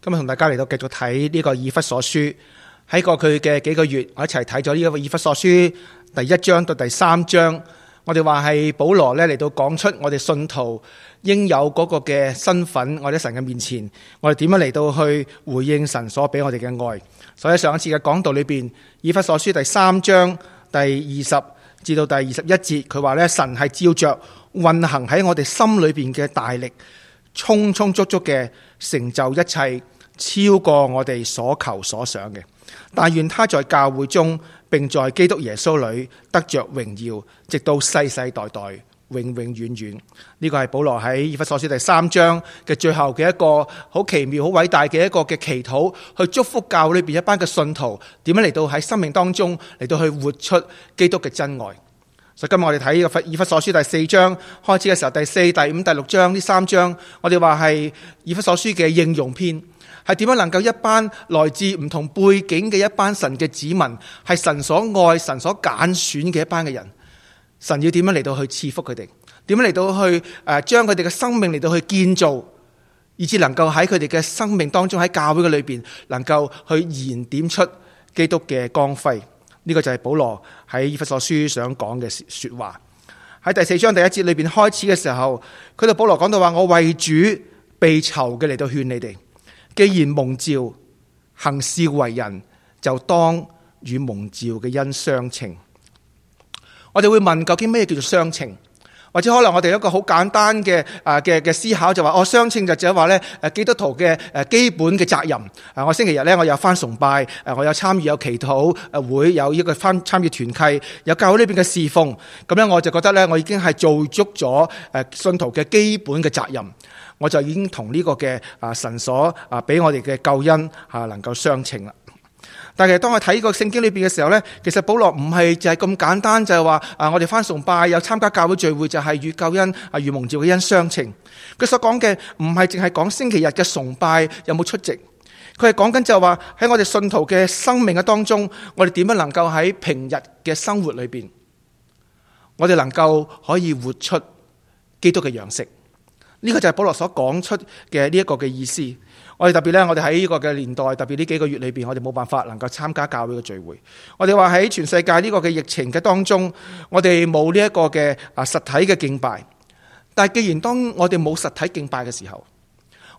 今日同大家嚟到繼續睇呢個以弗所書，喺過去嘅幾個月，我一齊睇咗呢個以弗所書第一章到第三章，我哋話係保羅呢嚟到講出我哋信徒應有嗰個嘅身份，我哋神嘅面前，我哋點樣嚟到去回應神所俾我哋嘅愛。所以上一次嘅講道裏邊，以弗所書第三章第二十至到第二十一節，佢話呢神係照着運行喺我哋心裏邊嘅大力。充充足足嘅成就一切，超過我哋所求所想嘅。但願他在教會中，並在基督耶穌裏得着榮耀，直到世世代代，永永遠遠。呢、這個係保羅喺以弗所書第三章嘅最後嘅一個好奇妙、好偉大嘅一個嘅祈禱，去祝福教裏邊一班嘅信徒點樣嚟到喺生命當中嚟到去活出基督嘅真愛。所以今日我哋睇呢個《以弗以弗所書》第四章開始嘅時候，第四、第五、第六章呢三章，我哋話係《以弗所書》嘅應用篇，係點樣能夠一班來自唔同背景嘅一班神嘅子民，係神所愛、神所揀選嘅一班嘅人，神要點樣嚟到去賜福佢哋？點樣嚟到去誒，將佢哋嘅生命嚟到去建造，以致能夠喺佢哋嘅生命當中喺教會嘅裏邊，能夠去燃點出基督嘅光輝。呢、這個就係保羅喺以弗所書想講嘅說話，喺第四章第一節裏邊開始嘅時候，佢同保羅講到話：我為主被囚嘅嚟到勸你哋，既然蒙召行事為人，就當與蒙召嘅恩相稱。」我哋會問究竟咩叫做相稱？」或者可能我哋有一個好簡單嘅啊嘅嘅思考就話、是，我相稱就即係話咧，誒基督徒嘅誒基本嘅責任啊，我星期日咧我有翻崇拜，誒我有參與有祈禱，誒會有一個翻參與團契，有教呢邊嘅侍奉，咁樣我就覺得咧，我已經係做足咗誒信徒嘅基本嘅責任，我就已經同呢個嘅啊神所啊俾我哋嘅救恩啊能夠相稱啦。但係，當我睇呢個聖經裏邊嘅時候呢，其實保羅唔係就係咁簡單，就係話啊，我哋翻崇拜又參加教會聚會就係與救恩啊與蒙召嘅恩相稱。佢所講嘅唔係淨係講星期日嘅崇拜有冇出席，佢係講緊就係話喺我哋信徒嘅生命嘅當中，我哋點樣能夠喺平日嘅生活裏邊，我哋能夠可以活出基督嘅樣式。呢個就係保羅所講出嘅呢一個嘅意思。我哋特別咧，我哋喺呢個嘅年代，特別呢幾個月裏邊，我哋冇辦法能夠參加教會嘅聚會。我哋話喺全世界呢個嘅疫情嘅當中，我哋冇呢一個嘅啊實體嘅敬拜。但係既然當我哋冇實體敬拜嘅時候，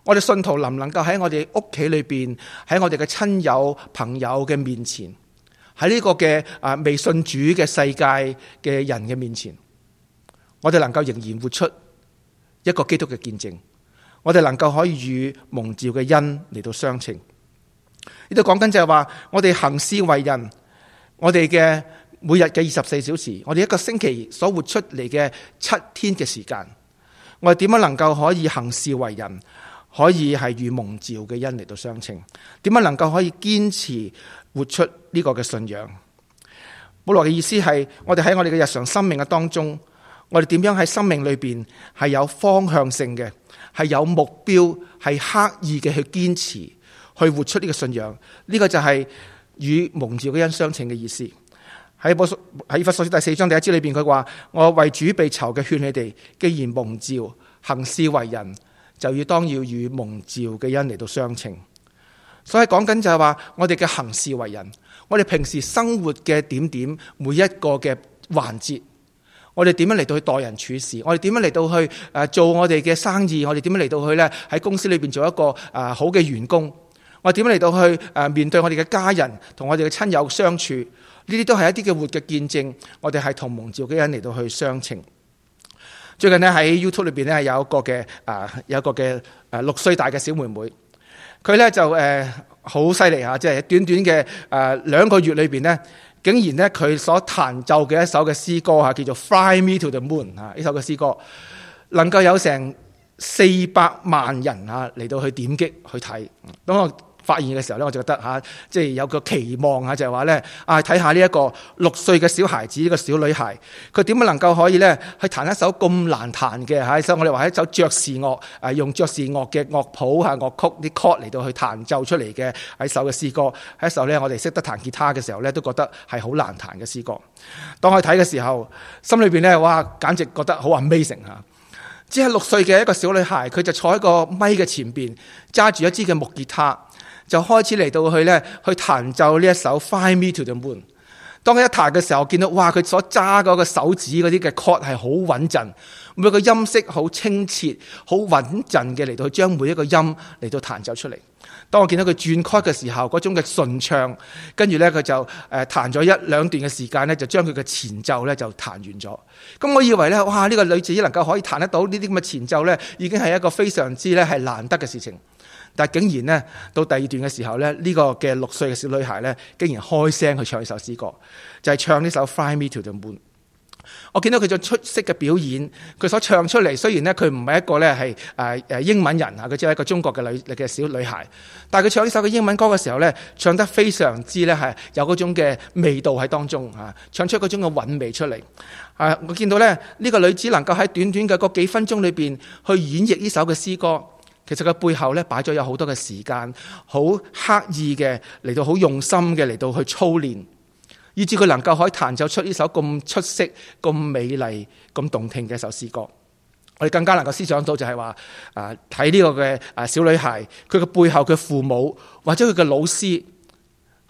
我哋信徒能唔能夠喺我哋屋企裏邊，喺我哋嘅親友朋友嘅面前，喺呢個嘅啊未信主嘅世界嘅人嘅面前，我哋能夠仍然活出一個基督嘅見證。我哋能夠可以與蒙召嘅恩嚟到相稱，呢度講緊就係話我哋行事為人，我哋嘅每日嘅二十四小時，我哋一個星期所活出嚟嘅七天嘅時間，我哋點樣能夠可以行事為人，可以係與蒙召嘅恩嚟到相稱？點樣能夠可以堅持活出呢個嘅信仰？保羅嘅意思係，我哋喺我哋嘅日常生命嘅當中，我哋點樣喺生命裏邊係有方向性嘅？係有目標，係刻意嘅去堅持，去活出呢個信仰。呢、這個就係與蒙召嘅恩相稱嘅意思。喺《波索》喺《弗書》第四章第一節裏邊，佢話：我為主被囚嘅，勸你哋，既然蒙召行事為人，就要當要與蒙召嘅人嚟到相稱。所以講緊就係話，我哋嘅行事為人，我哋平時生活嘅點點，每一個嘅環節。我哋點樣嚟到去待人處事？我哋點樣嚟到去誒做我哋嘅生意？我哋點樣嚟到去呢？喺公司裏邊做一個誒好嘅員工？我哋點樣嚟到去誒面對我哋嘅家人同我哋嘅親友相處？呢啲都係一啲嘅活嘅見證。我哋係同蒙召嘅人嚟到去相稱。最近呢，喺 YouTube 裏邊呢，有一個嘅有一個嘅誒六歲大嘅小妹妹，佢呢就誒好犀利吓，即係短短嘅誒兩個月裏邊呢。竟然呢，佢所彈奏嘅一首嘅詩歌叫做《Fly Me to the Moon》嚇，呢首嘅詩歌能夠有成四百萬人啊嚟到去點擊去睇，嗯發現嘅時候咧，我就覺得吓，即、啊、係、就是、有個期望、就是、說啊，就係話咧，啊睇下呢一個六歲嘅小孩子，呢、這個小女孩，佢點樣能夠可以咧，去彈一首咁難彈嘅吓、啊，所以我哋話係一首爵士樂，誒、啊、用爵士樂嘅樂譜吓、啊、樂曲啲 chord 嚟到去彈奏出嚟嘅，喺、啊、首嘅詩歌，喺一首咧我哋識得彈吉他嘅時候咧，都覺得係好難彈嘅詩歌。當佢睇嘅時候，心裏邊咧哇，簡直覺得好 amazing 啊！只、就、係、是、六歲嘅一個小女孩，佢就坐喺個咪嘅前邊，揸住一支嘅木吉他。就開始嚟到去咧，去彈奏呢一首《Fly Me to the Moon》。當佢一彈嘅時候，我見到哇，佢所揸嗰個手指嗰啲嘅 cord 係好穩陣，每個音色好清澈、好穩陣嘅嚟到將每一個音嚟到彈奏出嚟。當我見到佢轉 cord 嘅時候，嗰種嘅順暢，跟住咧佢就誒彈咗一兩段嘅時間咧，就將佢嘅前奏咧就彈完咗。咁我以為咧，哇！呢、這個女子能夠可以彈得到呢啲咁嘅前奏咧，已經係一個非常之咧係難得嘅事情。但竟然呢，到第二段嘅時候呢，呢、這個嘅六歲嘅小女孩呢，竟然開聲去唱一首詩歌，就係、是、唱呢首《Fly Me to the Moon》。我見到佢種出色嘅表演，佢所唱出嚟，雖然呢，佢唔係一個呢係誒誒英文人啊，佢只係一個中國嘅女嘅小女孩，但佢唱呢首嘅英文歌嘅時候呢，唱得非常之呢係有嗰種嘅味道喺當中啊，唱出嗰種嘅韻味出嚟啊！我見到呢，呢個女子能夠喺短短嘅嗰幾分鐘裏面去演繹呢首嘅詩歌。其實佢背後咧擺咗有好多嘅時間，好刻意嘅嚟到，好用心嘅嚟到去操練，以至佢能夠可以彈奏出呢首咁出色、咁美麗、咁動聽嘅一首詩歌。我哋更加能夠思想到就係話，啊睇呢個嘅啊小女孩，佢嘅背後嘅父母或者佢嘅老師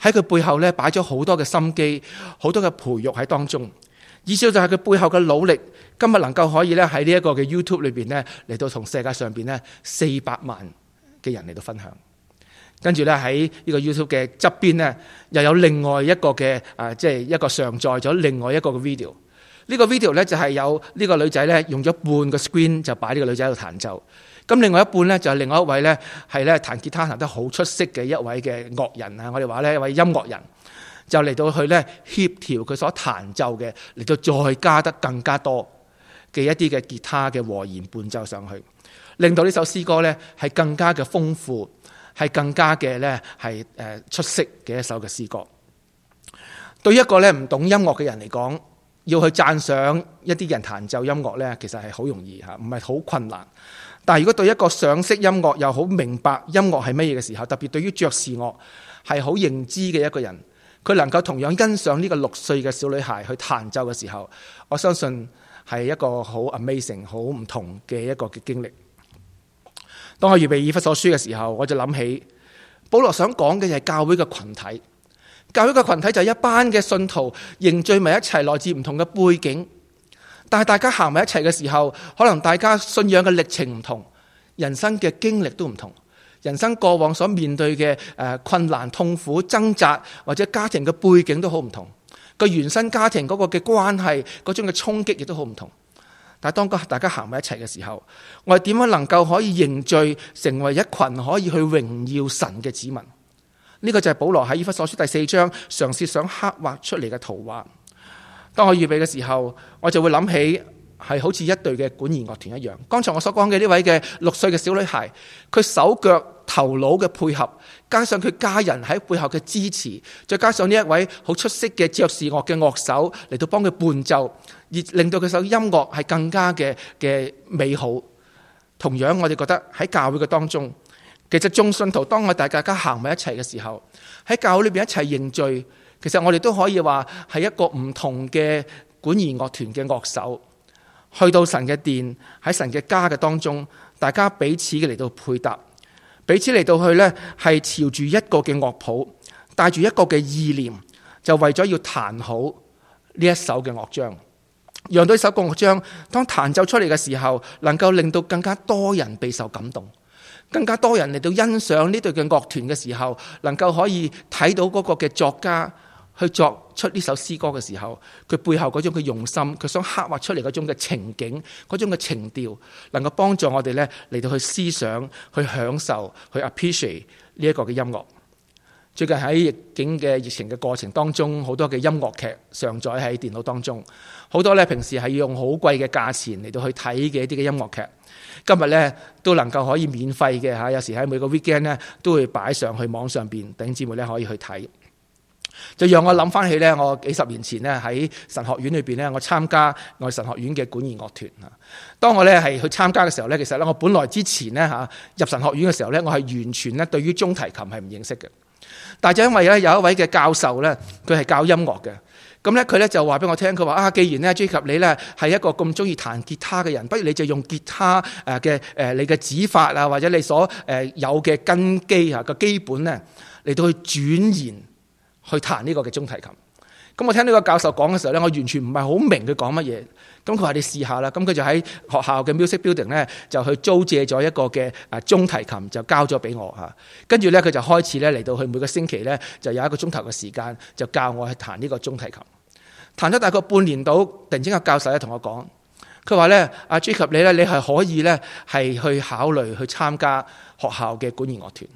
喺佢背後咧擺咗好多嘅心機，好多嘅培育喺當中。意思就係佢背後嘅努力，今日能夠可以咧喺呢一個嘅 YouTube 裏邊咧嚟到同世界上邊咧四百萬嘅人嚟到分享。跟住咧喺呢個 YouTube 嘅側邊咧又有另外一個嘅啊，即係一個上載咗另外一個嘅 video。呢個 video 咧就係有呢個女仔咧用咗半個 screen 就擺呢個女仔喺度彈奏。咁另外一半咧就係另外一位咧係咧彈吉他彈得好出色嘅一位嘅樂人啊！我哋話呢，一位音樂人。就嚟到去咧，協調佢所彈奏嘅，嚟到再加得更加多嘅一啲嘅吉他嘅和弦伴奏上去，令到呢首詩歌咧係更加嘅豐富，係更加嘅咧係誒出色嘅一首嘅詩歌。對一個咧唔懂音樂嘅人嚟講，要去讚賞一啲人彈奏音樂咧，其實係好容易吓，唔係好困難。但係如果對一個賞識音樂又好明白音樂係乜嘢嘅時候，特別對於爵士樂，係好認知嘅一個人。佢能夠同樣欣賞呢個六歲嘅小女孩去彈奏嘅時候，我相信係一個好 amazing、好唔同嘅一個嘅經歷。當我預備以弗所書嘅時候，我就諗起保羅想講嘅就係教會嘅群體，教會嘅群體就係一班嘅信徒凝聚埋一齊，來自唔同嘅背景，但係大家行埋一齊嘅時候，可能大家信仰嘅歷程唔同，人生嘅經歷都唔同。人生過往所面對嘅困難、痛苦、掙扎，或者家庭嘅背景都好唔同。個原生家庭嗰個嘅關係、嗰種嘅衝擊亦都好唔同。但係當大家行埋一齊嘅時候，我哋點樣能夠可以凝聚成為一群可以去榮耀神嘅子民？呢、這個就係保羅喺以弗所書第四章嘗試想刻畫出嚟嘅圖畫。當我預備嘅時候，我就會諗起。係好似一隊嘅管弦樂團一樣。剛才我所講嘅呢位嘅六歲嘅小女孩，佢手腳頭腦嘅配合，加上佢家人喺背後嘅支持，再加上呢一位好出色嘅爵士樂嘅樂手嚟到幫佢伴奏，而令到佢首音樂係更加嘅嘅美好。同樣，我哋覺得喺教會嘅當中，其實眾信徒當我哋大家行埋一齊嘅時候，喺教會裏邊一齊認罪，其實我哋都可以話係一個唔同嘅管弦樂團嘅樂手。去到神嘅殿，喺神嘅家嘅當中，大家彼此嘅嚟到配搭，彼此嚟到去呢，係朝住一個嘅樂譜，帶住一個嘅意念，就為咗要彈好呢一首嘅樂章，讓到呢首嘅樂章當彈奏出嚟嘅時候，能夠令到更加多人備受感動，更加多人嚟到欣賞呢對嘅樂團嘅時候，能夠可以睇到嗰個嘅作家。去作出呢首詩歌嘅時候，佢背後嗰種佢用心，佢想刻畫出嚟嗰種嘅情景，嗰種嘅情調，能夠幫助我哋呢嚟到去思想、去享受、去 appreciate 呢一個嘅音樂。最近喺逆境嘅疫情嘅過程當中，好多嘅音樂劇上載喺電腦當中，好多呢平時係要用好貴嘅價錢嚟到去睇嘅一啲嘅音樂劇，今日呢，都能夠可以免費嘅嚇，有時喺每個 weekend 咧都會擺上去網上邊，等姐妹呢可以去睇。就讓我諗翻起咧，我幾十年前咧喺神學院裏邊咧，我參加外神學院嘅管弦樂團啊。當我咧係去參加嘅時候咧，其實咧我本來之前咧吓入神學院嘅時候咧，我係完全咧對於中提琴係唔認識嘅。但係就因為咧有一位嘅教授咧，佢係教音樂嘅，咁咧佢咧就話俾我聽，佢話啊，既然咧 Jacob，你咧係一個咁中意彈吉他嘅人，不如你就用吉他誒嘅誒你嘅指法啊，或者你所誒有嘅根基啊嘅基本咧嚟到去轉然。去彈呢個嘅中提琴，咁我聽呢個教授講嘅時候呢，我完全唔係好明佢講乜嘢。咁佢話你試下啦，咁佢就喺學校嘅 Music Building 呢，就去租借咗一個嘅中提琴，就交咗俾我吓。啊，跟住呢，佢就開始呢，嚟到去每個星期呢，就有一個鐘頭嘅時間，就教我去彈呢個中提琴。彈咗大概半年到，突然之間教授咧同我講，佢話呢，阿 Jack，你呢，你係可以呢，係去考慮去參加學校嘅管弦樂團。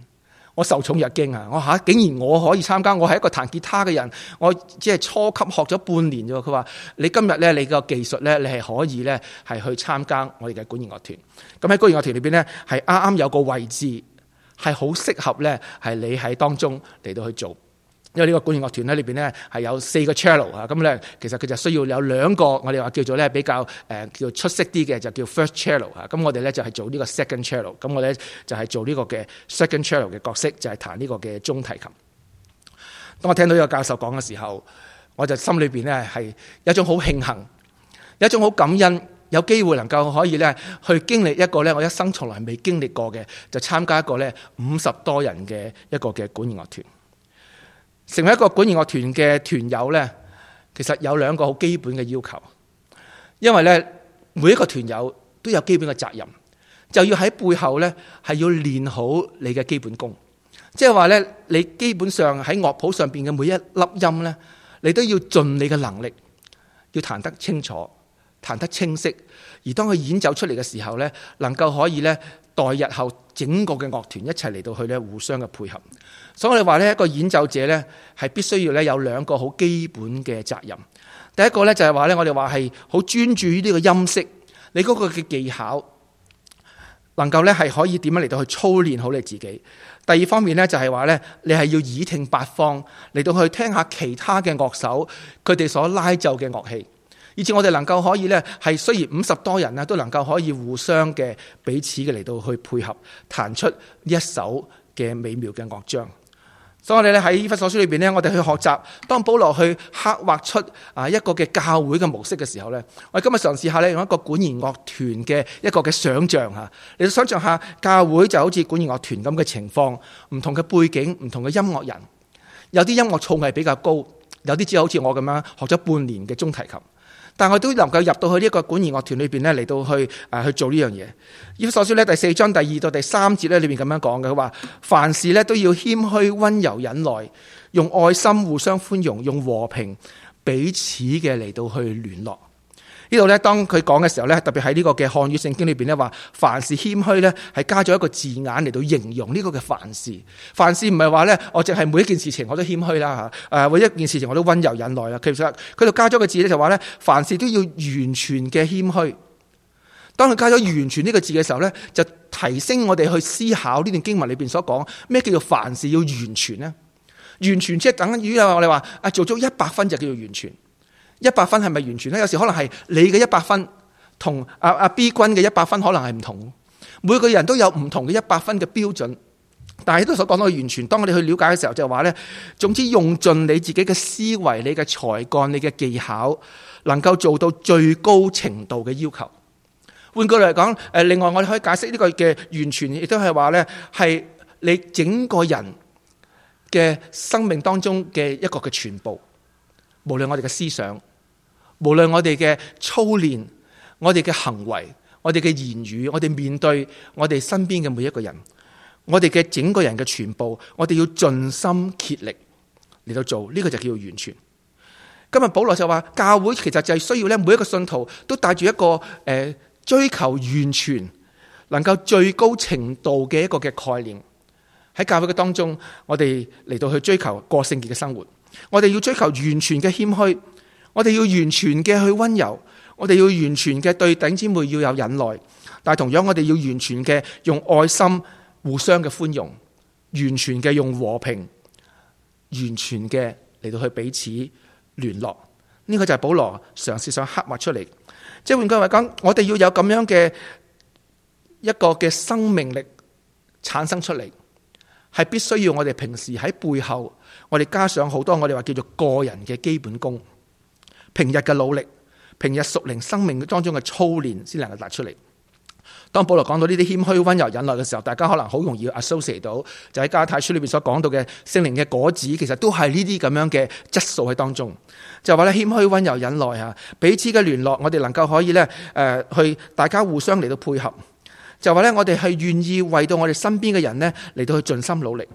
我受寵若驚啊！我嚇竟然我可以參加，我係一個彈吉他嘅人，我只係初級學咗半年啫。佢話：你今日咧，你個技術咧，你係可以咧，係去參加我哋嘅管弦樂團。咁喺管弦樂團裏邊咧，係啱啱有個位置，係好適合咧，係你喺當中嚟到去做。因為呢個管絃樂團咧，裏邊咧係有四個 cello 啊，咁咧其實佢就需要有兩個，我哋話叫做咧比較誒叫出色啲嘅，就叫 first cello 啊。咁我哋咧就係做呢個 second cello，咁我咧就係做呢個嘅 second cello 嘅角色，就係彈呢個嘅中提琴。當我聽到呢個教授講嘅時候，我就心裏邊咧係一種好慶幸，一種好感恩，有機會能夠可以咧去經歷一個咧我一生從來未經歷過嘅，就參加一個咧五十多人嘅一個嘅管絃樂團。成為一個管絃樂團嘅團友呢，其實有兩個好基本嘅要求，因為呢，每一個團友都有基本嘅責任，就要喺背後呢係要練好你嘅基本功，即係話呢，你基本上喺樂譜上邊嘅每一粒音呢，你都要盡你嘅能力，要彈得清楚、彈得清晰，而當佢演奏出嚟嘅時候呢，能夠可以呢。待日後整個嘅樂團一齊嚟到去咧，互相嘅配合。所以我哋話呢一個演奏者呢係必須要有兩個好基本嘅責任。第一個呢就係話呢，我哋話係好專注於呢個音色，你嗰個嘅技巧能夠呢係可以點樣嚟到去操練好你自己。第二方面呢，就係話呢，你係要耳聽八方嚟到去聽下其他嘅樂手佢哋所拉奏嘅樂器。以至我哋能夠可以呢，係雖然五十多人呢都能夠可以互相嘅彼此嘅嚟到去配合，彈出呢一首嘅美妙嘅樂章。所以我哋咧喺《伊弗所書》裏面呢，我哋去學習當保羅去刻畫出啊一個嘅教會嘅模式嘅時候呢，我哋今日嘗試下呢用一個管弦樂團嘅一個嘅想像吓，你想象下教會就好似管弦樂團咁嘅情況，唔同嘅背景，唔同嘅音樂人，有啲音樂造詣比較高，有啲只好似我咁樣學咗半年嘅中提琴。但佢我都能夠入到去呢個管弦樂團裏邊呢，嚟到去，誒、啊、去做呢樣嘢。首先呢，第四章第二到第三節咧裏邊咁樣講嘅，佢話凡事咧都要謙虛、溫柔、忍耐，用愛心互相寬容，用和平彼此嘅嚟到去聯絡。呢度咧，當佢講嘅時候咧，特別喺呢個嘅漢語聖經裏邊咧，話凡事謙虛咧，係加咗一個字眼嚟到形容呢個嘅凡事。凡事唔係話咧，我淨係每一件事情我都謙虛啦吓，誒、啊，每一件事情我都溫柔忍耐啦。其實佢就加咗個字咧，就話咧，凡事都要完全嘅謙虛。當佢加咗完全呢個字嘅時候咧，就提升我哋去思考呢段經文裏邊所講咩叫做凡事要完全呢？完全即係等於啊，我哋話啊，做咗一百分就叫做完全。一百分係咪完全咧？有時可能係你嘅一百分同阿阿 B 君嘅一百分可能係唔同。每個人都有唔同嘅一百分嘅標準，但係都所講到嘅完全。當我哋去了解嘅時候，就係話咧，總之用盡你自己嘅思維、你嘅才幹、你嘅技巧，能夠做到最高程度嘅要求。換句嚟講，誒，另外我哋可以解釋呢個嘅完全，亦都係話咧，係你整個人嘅生命當中嘅一個嘅全部，無論我哋嘅思想。無論我哋嘅操練、我哋嘅行為、我哋嘅言語、我哋面對我哋身邊嘅每一個人、我哋嘅整個人嘅全部，我哋要盡心竭力嚟到做，呢個就叫完全。今日保羅就話，教會其實就係需要咧，每一個信徒都帶住一個誒、呃、追求完全，能夠最高程度嘅一個嘅概念喺教會嘅當中，我哋嚟到去追求過聖潔嘅生活，我哋要追求完全嘅謙虛。我哋要完全嘅去溫柔，我哋要完全嘅對弟兄姊妹要有忍耐，但係同樣我哋要完全嘅用愛心互相嘅寬容，完全嘅用和平，完全嘅嚟到去彼此聯絡，呢、這個就係保羅嘗試想刻畫出嚟。即換句話講，我哋要有咁樣嘅一個嘅生命力產生出嚟，係必須要我哋平時喺背後，我哋加上好多我哋話叫做個人嘅基本功。平日嘅努力，平日屬靈生命當中嘅操練，先能夠達出嚟。當保羅講到呢啲謙虛、溫柔、忍耐嘅時候，大家可能好容易 associate 到，就喺加拉太書裏面所講到嘅聖靈嘅果子，其實都係呢啲咁樣嘅質素喺當中。就話咧謙虛、溫柔、忍耐吓，彼此嘅聯絡，我哋能夠可以咧誒、呃、去大家互相嚟到配合。就話咧我哋係願意為到我哋身邊嘅人咧嚟到去盡心努力。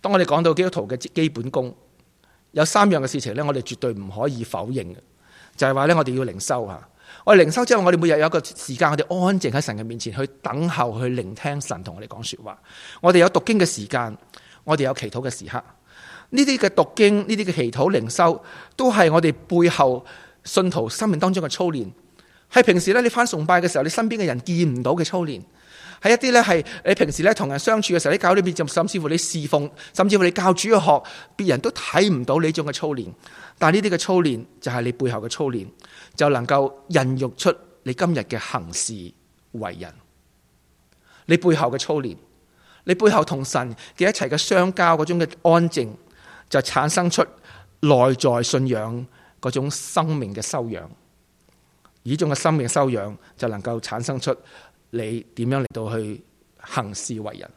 當我哋講到基督徒嘅基本功。有三樣嘅事情咧，我哋絕對唔可以否認嘅，就係話咧，我哋要靈修吓。我哋靈修之後，我哋每日有一個時間，我哋安靜喺神嘅面前去等候，去聆聽神同我哋講說話。我哋有讀經嘅時間，我哋有祈禱嘅時刻。呢啲嘅讀經，呢啲嘅祈禱、靈修，都係我哋背後信徒生命當中嘅操練。喺平時咧，你翻崇拜嘅時候，你身邊嘅人見唔到嘅操練。喺一啲咧，係你平時咧同人相處嘅時候，你教會裏邊，甚至乎你侍奉，甚至乎你教主去學，別人都睇唔到你種嘅操練。但係呢啲嘅操練就係你背後嘅操練，就能夠孕育出你今日嘅行事為人。你背後嘅操練，你背後同神嘅一齊嘅相交嗰種嘅安靜，就產生出內在信仰嗰種生命嘅修養。而種嘅生命修養就能夠產生出。你點樣嚟到去行事為人？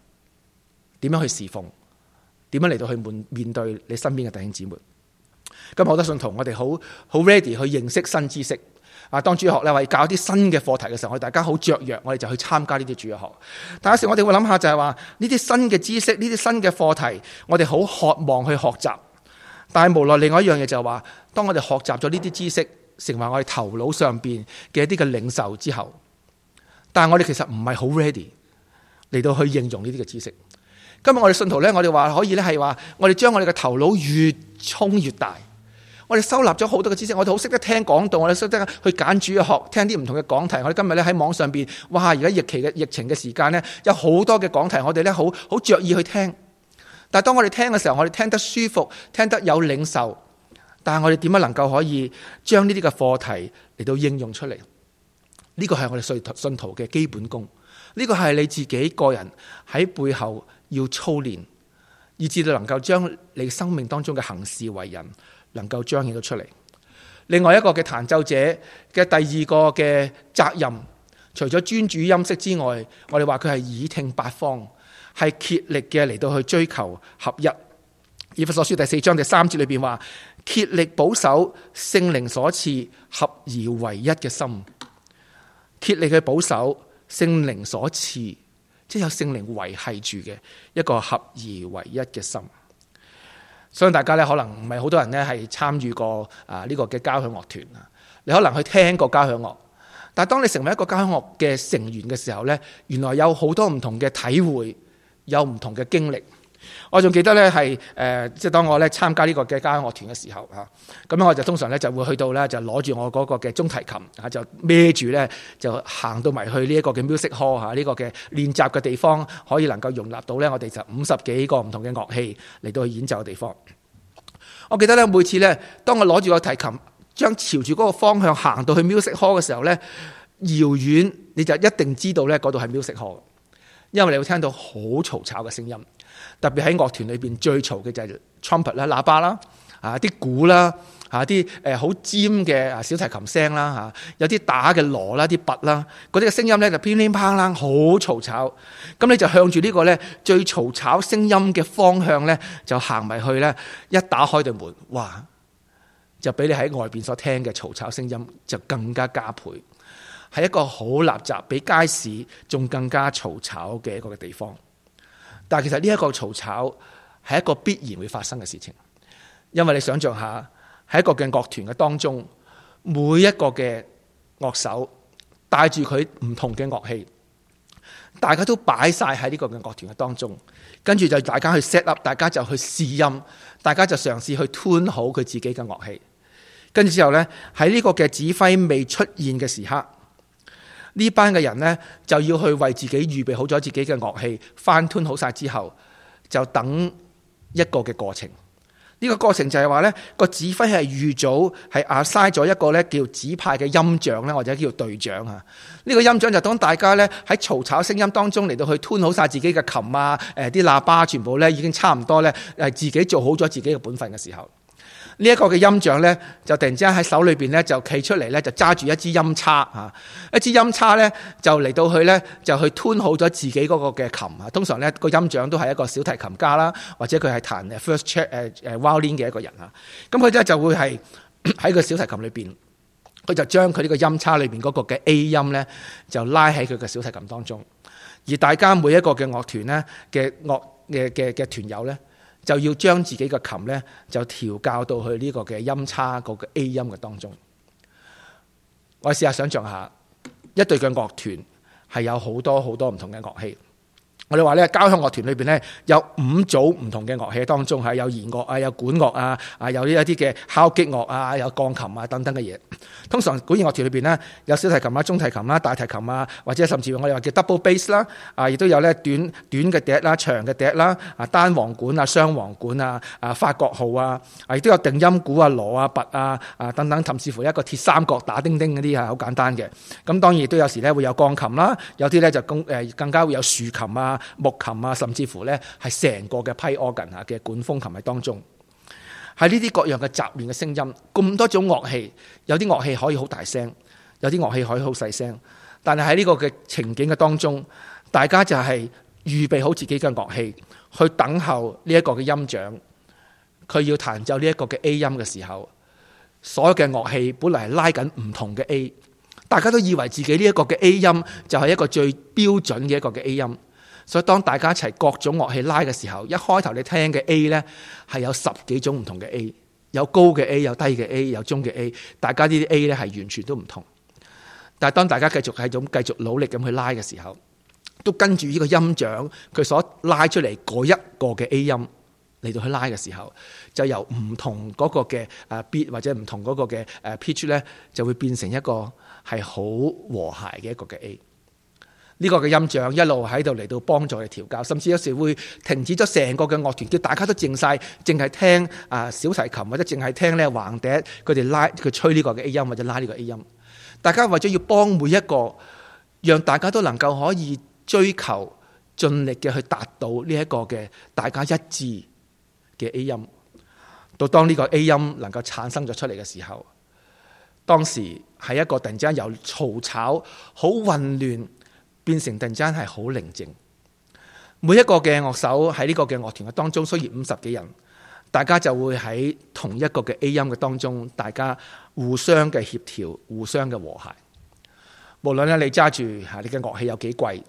點樣去侍奉？點樣嚟到去面面對你身邊嘅弟兄姊妹？咁好多信徒，我哋好好 ready 去認識新知識。啊，當主學咧，話搞一啲新嘅課題嘅時候，我哋大家好雀躍，我哋就去參加呢啲主學。但有時我哋會諗下就，就係話呢啲新嘅知識，呢啲新嘅課題，我哋好渴望去學習。但係無奈，另外一樣嘢就係話，當我哋學習咗呢啲知識，成為我哋頭腦上邊嘅一啲嘅領受之後。但係我哋其實唔係好 ready 嚟到去應用呢啲嘅知識。今日我哋信徒呢，我哋話可以呢係話，我哋將我哋嘅頭腦越充越大。我哋收納咗好多嘅知識，我哋好識得聽講道，我哋識得去揀主嘅學，聽啲唔同嘅講題。我哋今日呢喺網上邊，哇！而家疫期嘅疫情嘅時間呢，有好多嘅講題，我哋呢好好着意去聽。但係當我哋聽嘅時候，我哋聽得舒服，聽得有領受。但係我哋點樣能夠可以將呢啲嘅課題嚟到應用出嚟？呢、這個係我哋信徒嘅基本功，呢、這個係你自己個人喺背後要操練，以致到能夠將你生命當中嘅行事為人能夠彰顯到出嚟。另外一個嘅彈奏者嘅第二個嘅責任，除咗專注音色之外，我哋話佢係耳聽八方，係竭力嘅嚟到去追求合一。以弗所書第四章第三節裏邊話：竭力保守聖靈所賜合而為一嘅心。竭力去保守，聖靈所賜，即係有聖靈維繫住嘅一個合而為一嘅心。所以大家咧，可能唔係好多人咧係參與過啊呢個嘅交響樂團啊，你可能去聽過交響樂，但係當你成為一個交響樂嘅成員嘅時候咧，原來有好多唔同嘅體會，有唔同嘅經歷。我仲記得呢係誒，即係當我咧參加呢個嘅交響樂團嘅時候啊，咁樣我就通常呢就會去到呢，就攞住我嗰個嘅中提琴啊，就孭住呢，就行到埋去呢一個嘅 music hall 啊，呢個嘅練習嘅地方可以能夠容納到呢，我哋就五十幾個唔同嘅樂器嚟到去演奏嘅地方。我記得呢每次呢，當我攞住個提琴將朝住嗰個方向行到去 music hall 嘅時候呢，遙遠你就一定知道呢嗰度係 music hall，因為你會聽到好嘈吵嘅聲音。特別喺樂團裏邊最嘈嘅就係 trumpet 啦、喇叭啦、啊啲鼓啦、啊啲誒好尖嘅啊小提琴聲啦嚇，有啲打嘅鑼啦、啲鈸啦，嗰啲嘅聲音咧就乒乒乓啷好嘈吵。咁你就向住呢個咧最嘈吵聲音嘅方向咧就行埋去咧，一打開對門，哇！就俾你喺外邊所聽嘅嘈吵聲音就更加加倍，係一個好立雜，比街市仲更加嘈吵嘅一個地方。但係其實呢一個嘈吵係一個必然會發生嘅事情，因為你想象一下喺一個嘅樂團嘅當中，每一個嘅樂手帶住佢唔同嘅樂器，大家都擺晒喺呢個嘅樂團嘅當中，跟住就大家去 set up，大家就去試音，大家就嘗試去 tune 好佢自己嘅樂器，跟住之後呢，喺呢個嘅指揮未出現嘅時刻。呢班嘅人呢，就要去為自己預備好咗自己嘅樂器，翻 tune 好晒之後，就等一個嘅過程。呢、這個過程就係話呢個指揮係預早係啊篩咗一個呢叫指派嘅音長，呢或者叫隊長啊。呢、這個音長就當大家呢喺嘈吵聲音當中嚟到去 tune 好晒自己嘅琴啊，誒、呃、啲喇叭全部呢已經差唔多呢，係自己做好咗自己嘅本分嘅時候。呢、這、一個嘅音像咧，就突然之間喺手裏面咧，就企出嚟咧，就揸住一支音叉，一支音叉咧，就嚟到佢咧，就去吞好咗自己嗰個嘅琴。通常咧，個音像都係一個小提琴家啦，或者佢係彈 first chair 誒 violin 嘅一個人。咁佢咧就會係喺個小提琴裏面，佢就將佢呢個音叉裏面嗰個嘅 A 音咧，就拉喺佢嘅小提琴當中。而大家每一個嘅樂團咧嘅樂嘅嘅嘅團友咧。就要將自己嘅琴呢，就調校到去呢個嘅音叉嗰、那個 A 音嘅當中。我試下想像下，一隊嘅樂團係有好多好多唔同嘅樂器。我哋話咧交響樂團裏面咧有五組唔同嘅樂器當中係有弦樂啊有管樂啊啊有呢一啲嘅敲擊樂啊有鋼琴啊等等嘅嘢。通常管弦樂團裏面咧有小提琴啊、中提琴啊、大提琴啊，或者甚至乎我哋話叫 double bass 啦啊，亦都有咧短短嘅笛啦、長嘅笛啦啊、單簧管啊、雙簧管啊啊、法國號啊啊，亦都有定音鼓啊、鑼啊、鈸啊啊等等，甚至乎一個鐵三角打叮叮嗰啲係，好簡單嘅。咁當然亦都有時咧會有鋼琴啦，有啲咧就更更加會有豎琴啊。木琴啊，甚至乎呢係成個嘅 pipe organ 啊嘅管風琴喺當中，喺呢啲各樣嘅雜亂嘅聲音，咁多種樂器，有啲樂器可以好大聲，有啲樂器可以好細聲。但係喺呢個嘅情景嘅當中，大家就係預備好自己嘅樂器，去等候呢一個嘅音長，佢要彈奏呢一個嘅 A 音嘅時候，所有嘅樂器本嚟係拉緊唔同嘅 A，大家都以為自己呢一個嘅 A 音就係一個最標準嘅一個嘅 A 音。所以當大家一齊各種樂器拉嘅時候，一開頭你聽嘅 A 呢係有十幾種唔同嘅 A，有高嘅 A，有低嘅 A，有中嘅 A。大家呢啲 A 呢係完全都唔同。但係當大家繼續係咁繼續努力咁去拉嘅時候，都跟住呢個音長佢所拉出嚟嗰一個嘅 A 音嚟到去拉嘅時候，就由唔同嗰個嘅誒 B 或者唔同嗰個嘅誒 pitch 呢，就會變成一個係好和諧嘅一個嘅 A。呢、這個嘅音像一路喺度嚟到幫助你調校，甚至有時會停止咗成個嘅樂團，叫大家都靜晒，淨係聽啊小提琴或者淨係聽呢橫笛，佢哋拉佢吹呢個嘅 A 音或者拉呢個 A 音。大家為咗要幫每一個，讓大家都能夠可以追求盡力嘅去達到呢一個嘅大家一致嘅 A 音。到當呢個 A 音能夠產生咗出嚟嘅時候，當時係一個突然之間由嘈吵，吵、好混亂。變成突然間係好寧靜。每一個嘅樂手喺呢個嘅樂團嘅當中，雖然五十幾人，大家就會喺同一個嘅 A 音嘅當中，大家互相嘅協調，互相嘅和諧。無論咧你揸住嚇你嘅樂器有幾貴，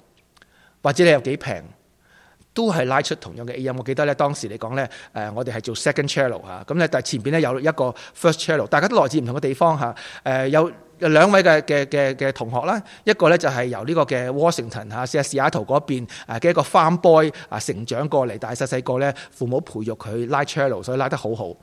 或者你有幾平，都係拉出同樣嘅 A 音。我記得咧當時嚟講咧，誒我哋係做 second channel 嚇，咁咧但係前邊咧有一個 first channel，大家都來自唔同嘅地方嚇，誒有。兩位嘅嘅嘅嘅同學啦，一個咧就係由呢個嘅 Washington 嚇、啊，即係西雅圖嗰邊嘅一個 farm boy 啊成長過嚟，但係細細個咧父母培育佢拉 cello 所以拉得好好。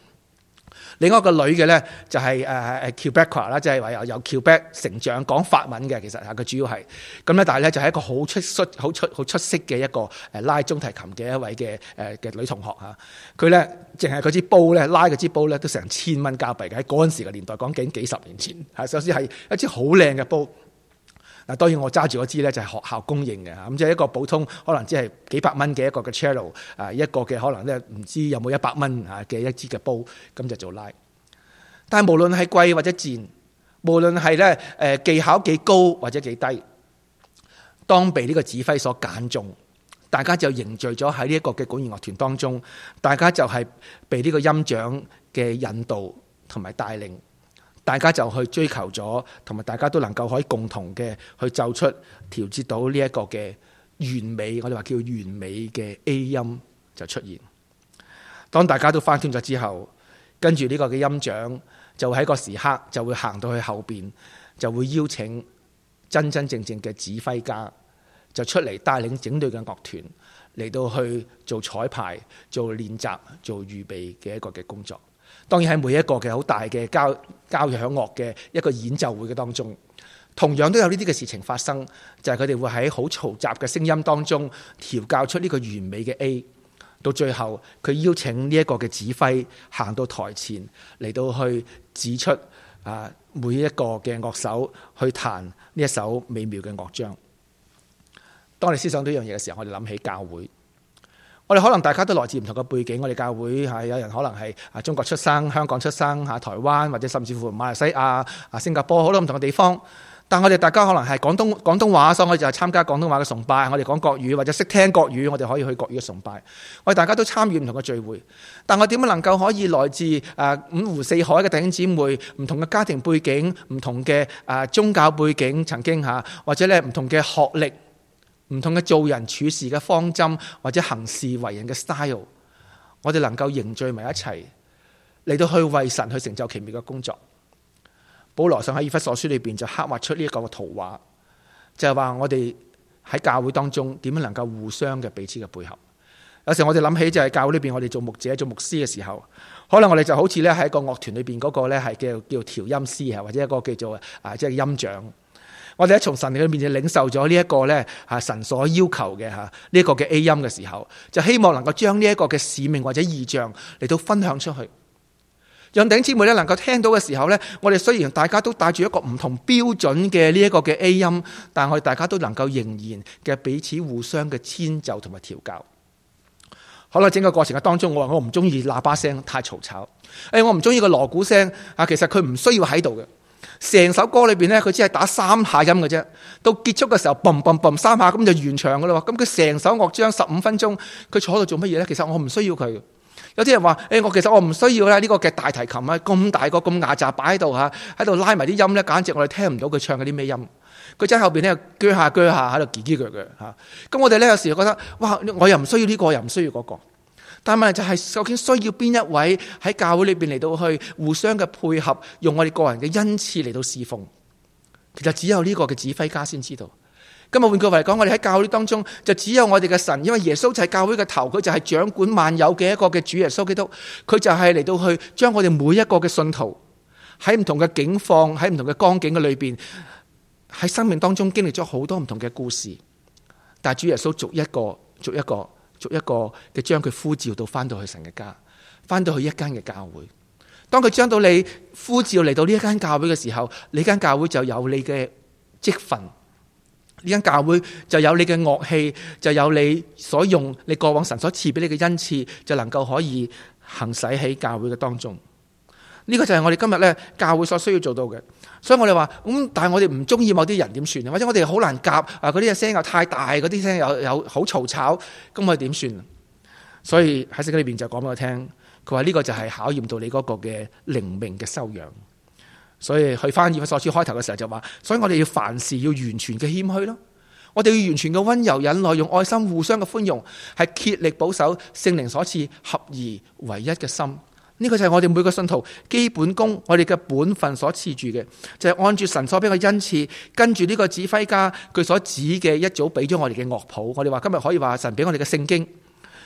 另外一個女嘅咧就係誒誒 Quebecer 啦，即係話由由 Quebec 成長講法文嘅，其實嚇佢主要係咁咧，但係咧就係一個好出息、好出好出色嘅一個誒拉中提琴嘅一位嘅誒嘅女同學嚇。佢咧淨係嗰支煲咧拉嗰支煲咧都成千蚊加幣嘅，喺嗰陣時嘅年代講緊幾十年前嚇，首先係一支好靚嘅煲。嗱當然我揸住嗰支咧就係學校供應嘅，咁即係一個普通，可能只係幾百蚊嘅一個嘅 channel，啊一個嘅可能咧唔知有冇一百蚊啊嘅一支嘅煲，咁就做拉。但係無論係貴或者賤，無論係咧誒技巧幾高或者幾低，當被呢個指揮所揀中，大家就凝聚咗喺呢一個嘅管弦樂團當中，大家就係被呢個音掌嘅引導同埋帶領。大家就去追求咗，同埋大家都能夠可以共同嘅去奏出調節到呢一個嘅完美，我哋話叫完美嘅 A 音就出現。當大家都翻聳咗之後，跟住呢個嘅音長就喺個時刻就會行到去後邊，就會邀請真真正正嘅指揮家就出嚟帶領整隊嘅樂團嚟到去做彩排、做練習、做預備嘅一個嘅工作。當然喺每一個嘅好大嘅交交響樂嘅一個演奏會嘅當中，同樣都有呢啲嘅事情發生，就係佢哋會喺好嘈雜嘅聲音當中調教出呢個完美嘅 A。到最後，佢邀請呢一個嘅指揮行到台前嚟到去指出啊每一個嘅樂手去彈呢一首美妙嘅樂章。當你思想到呢樣嘢嘅時候，我哋諗起教會。我哋可能大家都來自唔同嘅背景，我哋教會係有人可能係啊中國出生、香港出生、嚇台灣或者甚至乎馬來西亞、啊新加坡好多唔同嘅地方。但我哋大家可能係廣東廣東話，所以我就係參加廣東話嘅崇拜；我哋講國語或者識聽國語，我哋可以去國語嘅崇拜。我哋大家都參與唔同嘅聚會，但我點樣能夠可以來自啊五湖四海嘅弟兄姊妹、唔同嘅家庭背景、唔同嘅啊宗教背景、曾經嚇或者咧唔同嘅學歷？唔同嘅做人處事嘅方針，或者行事為人嘅 style，我哋能夠凝聚埋一齊嚟，到去為神去成就奇妙嘅工作。保羅上喺以弗所書裏邊就刻畫出呢一個圖畫，就係話我哋喺教會當中點樣能夠互相嘅彼此嘅配合。有時候我哋諗起就係教會裏邊我哋做牧者、做牧師嘅時候，可能我哋就好似咧喺一個樂團裏邊嗰個咧係叫叫調音師啊，或者一個叫做啊即係音掌。我哋喺從神裏面領受咗呢一個咧，吓神所要求嘅吓呢一個嘅 A 音嘅時候，就希望能夠將呢一個嘅使命或者異象嚟到分享出去，讓頂姐妹咧能夠聽到嘅時候咧，我哋雖然大家都帶住一個唔同標準嘅呢一個嘅 A 音，但係大家都能夠仍然嘅彼此互相嘅遷就同埋調教。好啦，整個過程嘅當中，我話我唔中意喇叭聲太嘈吵，吵，誒、哎，我唔中意個鑼鼓聲啊，其實佢唔需要喺度嘅。成首歌裏邊咧，佢只係打三下音嘅啫。到結束嘅時候，嘣嘣嘣，三下咁就完場噶啦。咁佢成首樂章十五分鐘，佢坐喺度做乜嘢咧？其實我唔需要佢。有啲人話：誒，我其實我唔需要咧。呢個嘅大提琴啊，咁大個咁雅雜擺喺度吓，喺度拉埋啲音咧，簡直我哋聽唔到佢唱嘅啲咩音。佢真係後邊咧鋸下鋸下喺度鋸鋸腳嘅吓。咁我哋咧有時覺得，哇！我又唔需要呢個，又唔需要嗰個。但係就係究竟需要邊一位喺教會裏邊嚟到去互相嘅配合，用我哋個人嘅恩賜嚟到侍奉。其實只有呢個嘅指揮家先知道。今日換句話嚟講，我哋喺教會當中就只有我哋嘅神，因為耶穌就係教會嘅頭，佢就係掌管萬有嘅一個嘅主耶穌基督。佢就係嚟到去將我哋每一個嘅信徒，喺唔同嘅境況，喺唔同嘅光景嘅裏邊，喺生命當中經歷咗好多唔同嘅故事。但係主耶穌逐一個逐一個。逐一個嘅將佢呼召到翻到去神嘅家，翻到去一間嘅教會。當佢將到你呼召嚟到呢一間教會嘅時候，呢間教會就有你嘅職份，呢間教會就有你嘅樂器，就有你所用你過往神所賜俾你嘅恩賜，就能夠可以行使喺教會嘅當中。呢、這個就係我哋今日呢教會所需要做到嘅、嗯啊嗯，所以我哋話咁，但係我哋唔中意某啲人點算啊？或者我哋好難夾啊！嗰啲嘢聲又太大，嗰啲聲又好嘈吵，咁我哋點算啊？所以喺聖經裏邊就講俾我聽，佢話呢個就係考驗到你嗰個嘅靈命嘅修養。所以去翻《以弗所書》開頭嘅時候就話，所以我哋要凡事要完全嘅謙虛咯，我哋要完全嘅溫柔忍耐，用愛心互相嘅寬容，係竭力保守聖靈所賜合而為一嘅心。呢、個就係我哋每個信徒基本功，我哋嘅本分所賜住嘅，就係、是、按住神所俾嘅恩賜，跟住呢個指揮家佢所指嘅，一早俾咗我哋嘅樂譜。我哋話今日可以話神俾我哋嘅聖經，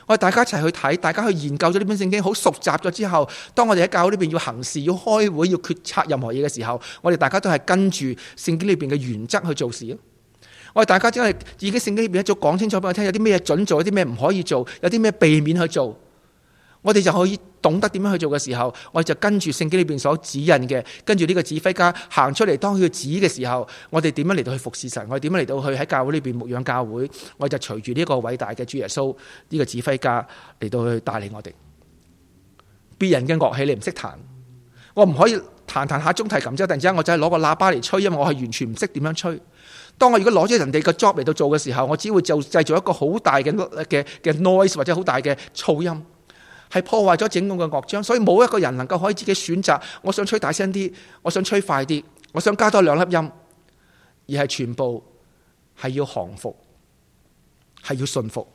我哋大家一齊去睇，大家去研究咗呢本聖經，好熟習咗之後，當我哋喺教會呢邊要行事、要開會、要決策任何嘢嘅時候，我哋大家都係跟住聖經裏邊嘅原則去做事咯。我哋大家因為已經聖經裏面一早講清楚俾我聽，有啲咩准做，有啲咩唔可以做，有啲咩避免去做。我哋就可以懂得點樣去做嘅時候，我就跟住聖經裏邊所指引嘅，跟住呢個指揮家行出嚟，當佢指嘅時候，我哋點樣嚟到去服侍神？我哋點樣嚟到去喺教會裏邊牧養教會？我就隨住呢個偉大嘅主耶穌呢個指揮家嚟到去帶領我哋。別人嘅樂器你唔識彈，我唔可以彈彈下中提琴，之後突然之間我就係攞個喇叭嚟吹，因為我係完全唔識點樣吹。當我如果攞咗人哋個 job 嚟到做嘅時候，我只會就製造一個好大嘅嘅嘅 noise 或者好大嘅噪音。係破壞咗整個嘅樂章，所以冇一個人能夠可以自己選擇。我想吹大聲啲，我想吹快啲，我想加多兩粒音，而係全部係要降服，係要順服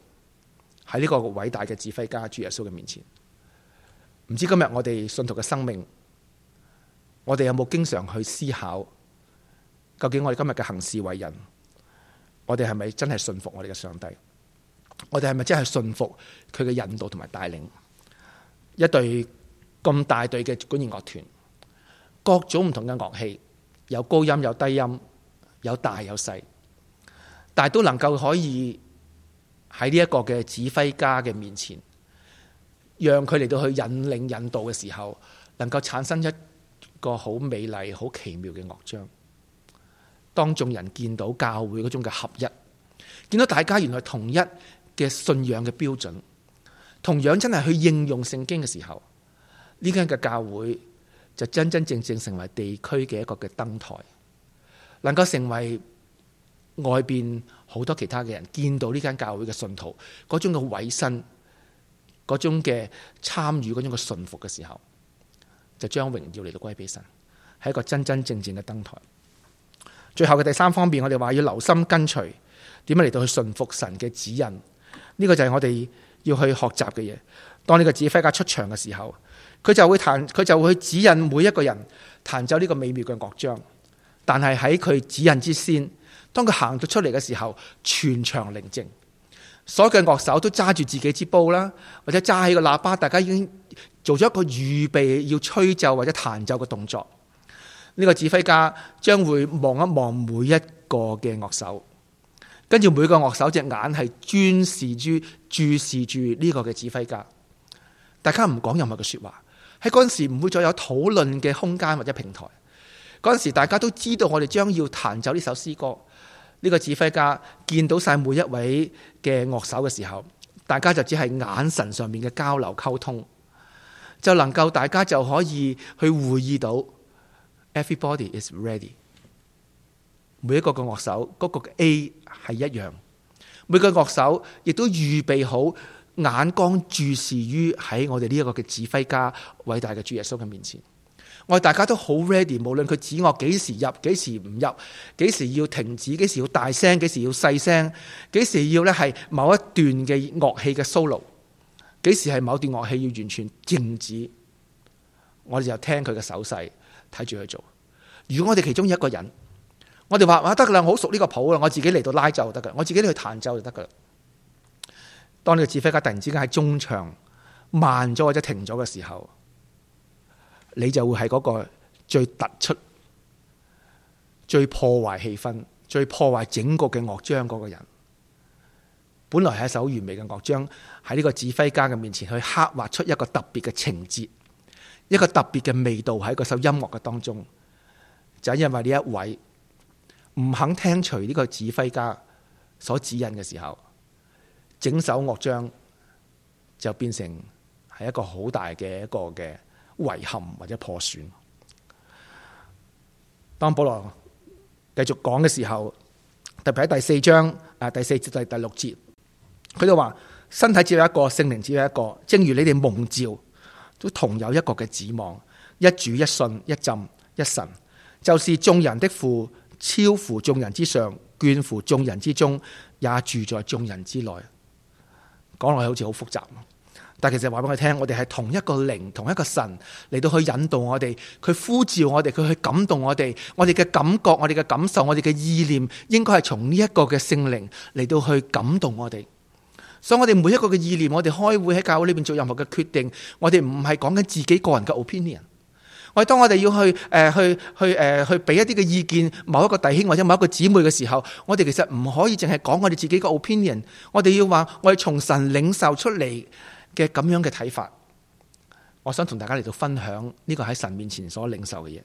喺呢個偉大嘅指揮家主耶穌嘅面前。唔知今日我哋信徒嘅生命，我哋有冇經常去思考，究竟我哋今日嘅行事為人，我哋係咪真係信服我哋嘅上帝？我哋係咪真係信服佢嘅引導同埋帶領？一隊咁大隊嘅管弦樂團，各種唔同嘅樂器，有高音有低音，有大有細，但係都能夠可以喺呢一個嘅指揮家嘅面前，讓佢嚟到去引領引導嘅時候，能夠產生一個好美麗、好奇妙嘅樂章。當眾人見到教會嗰種嘅合一，見到大家原來同一嘅信仰嘅標準。同樣真係去應用聖經嘅時候，呢間嘅教會就真真正正成為地區嘅一個嘅燈台，能夠成為外邊好多其他嘅人見到呢間教會嘅信徒嗰種嘅委身、嗰種嘅參與，嗰種嘅信服嘅時候，就將榮耀嚟到歸俾神，係一個真真正正嘅燈台。最後嘅第三方面，我哋話要留心跟隨點樣嚟到去順服神嘅指引，呢、呢個就係我哋要去學習嘅嘢。當呢個指揮家出場嘅時候，佢就會彈，佢就會指引每一個人彈奏呢個美妙嘅樂章。但係喺佢指引之先，當佢行咗出嚟嘅時候，全場寧靜，所有嘅樂手都揸住自己支煲啦，或者揸起個喇叭，大家已經做咗一個預備要吹奏或者彈奏嘅動作。呢個指揮家將會望一望每一個嘅樂手，跟住每個樂手隻眼係專視住注視住呢個嘅指揮家，大家唔講任何嘅說話，喺嗰陣時唔會再有討論嘅空間或者平台。嗰陣時大家都知道我哋將要彈奏呢首詩歌，呢、這個指揮家見到晒每一位嘅樂手嘅時候，大家就只係眼神上面嘅交流溝通，就能夠大家就可以去會意到。Everybody is ready。每一個嘅樂手，嗰個 A 係一樣。每個樂手亦都預備好眼光注視於喺我哋呢一個嘅指揮家，偉大嘅主耶穌嘅面前。我哋大家都好 ready，無論佢指我幾時入，幾時唔入，幾時要停止，幾時要大聲，幾時要細聲，幾時要咧係某一段嘅樂器嘅 solo，幾時係某段樂器要完全靜止，我哋就聽佢嘅手勢睇住佢做。如果我哋其中一個人，我哋話得量啦，好熟呢個譜，我自己嚟到拉奏就得噶，我自己去彈奏就得噶啦。當呢個指揮家突然之間喺中場慢咗或者停咗嘅時候，你就會係嗰個最突出、最破壞氣氛、最破壞整個嘅樂章嗰個人。本來係一首完美嘅樂章，喺呢個指揮家嘅面前去刻畫出一個特別嘅情節，一個特別嘅味道喺嗰首音樂嘅當中，就係因為呢一位。唔肯聽從呢個指揮家所指引嘅時候，整首樂章就變成係一個好大嘅一個嘅遺憾或者破損。當保羅繼續講嘅時候，特別喺第四章啊第四節到第,第六節，佢就話：身體只有一個，聖靈只有一個，正如你哋蒙召，都同有一個嘅指望，一主一信一浸一,一神，就是眾人的父。超乎眾人之上，眷乎眾人之中，也住在眾人之內。講落去好似好複雜，但其實話俾我聽，我哋係同一個靈，同一個神嚟到去引導我哋，佢呼召我哋，佢去感動我哋，我哋嘅感覺，我哋嘅感受，我哋嘅意念，應該係從呢一個嘅聖靈嚟到去感動我哋。所以我哋每一個嘅意念，我哋開會喺教會裏面做任何嘅決定，我哋唔係講緊自己個人嘅 opinion。我當我哋要去誒、呃、去、呃、去誒去俾一啲嘅意見，某一個弟兄或者某一個姊妹嘅時候，我哋其實唔可以淨係講我哋自己個 opinion，我哋要話我哋從神領受出嚟嘅咁樣嘅睇法。我想同大家嚟到分享呢、這個喺神面前所領受嘅嘢。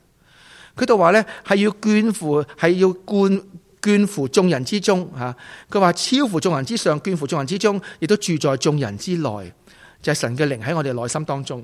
佢度話呢係要貫乎，係要貫貫乎眾人之中吓。佢、啊、話超乎眾人之上，貫乎眾人之中，亦都住在眾人之內，就係、是、神嘅靈喺我哋內心當中。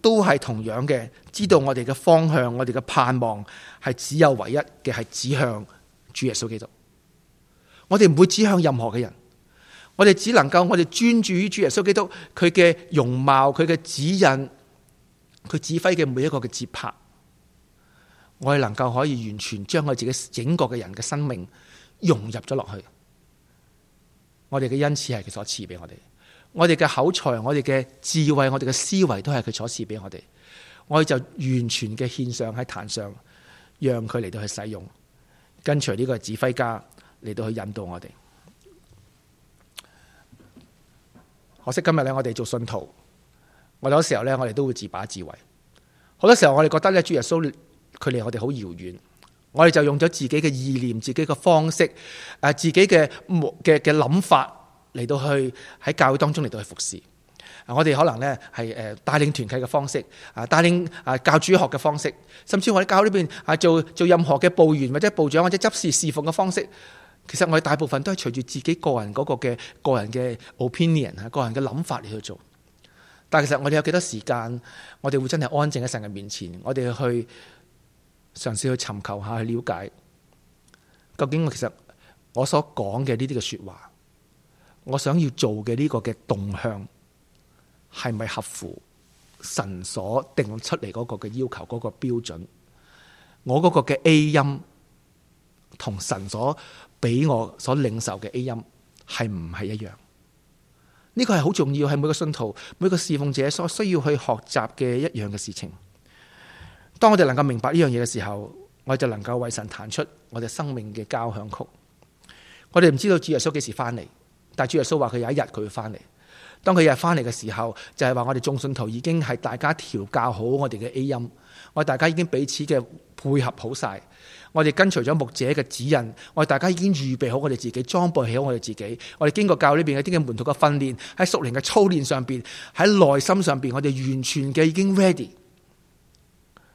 都係同樣嘅，知道我哋嘅方向，我哋嘅盼望係只有唯一嘅，係指向主耶穌基督。我哋唔會指向任何嘅人，我哋只能夠我哋專注於主耶穌基督，佢嘅容貌，佢嘅指引，佢指揮嘅每一個嘅節拍，我哋能夠可以完全將我自己整個嘅人嘅生命融入咗落去。我哋嘅恩賜係佢所賜俾我哋。我哋嘅口才，我哋嘅智慧，我哋嘅思維，都係佢所賜俾我哋。我哋就完全嘅獻上喺壇上，讓佢嚟到去使用，跟隨呢個指揮家嚟到去引導我哋。可惜今日咧，我哋做信徒，我有時候咧，我哋都會自把自為。好多時候我哋覺得咧，主耶穌距離我哋好遙遠，我哋就用咗自己嘅意念，自己嘅方式，誒自己嘅嘅嘅諗法。嚟到去喺教會當中嚟到去服事，我哋可能咧係誒帶領團契嘅方式，啊帶領啊教主學嘅方式，甚至我哋教會呢邊啊做做任何嘅部員或者部長或者執事侍奉嘅方式，其實我哋大部分都係隨住自己個人嗰個嘅個人嘅 opinion，啊個人嘅諗法嚟去做。但係其實我哋有幾多時間，我哋會真係安靜喺神嘅面前，我哋去嘗試去尋求下去了解，究竟我其實我所講嘅呢啲嘅說話。我想要做嘅呢個嘅動向，係咪合乎神所定出嚟，嗰個嘅要求嗰個標準？我嗰個嘅 A 音，同神所俾我所領受嘅 A 音係唔係一樣？呢個係好重要，係每個信徒、每個侍奉者所需要去學習嘅一樣嘅事情。當我哋能夠明白呢樣嘢嘅時候，我就能夠為神彈出我哋生命嘅交響曲。我哋唔知道主耶穌幾時翻嚟。但係主耶穌話佢有一日佢會翻嚟。當佢一日翻嚟嘅時候，就係話我哋眾信徒已經係大家調教好我哋嘅 A 音，我哋大家已經彼此嘅配合好晒，我哋跟隨咗牧者嘅指引，我哋大家已經預備好我哋自己裝備起好我哋自己，我哋經過教呢邊一啲嘅門徒嘅訓練，喺屬靈嘅操練上邊，喺內心上邊，我哋完全嘅已經 ready，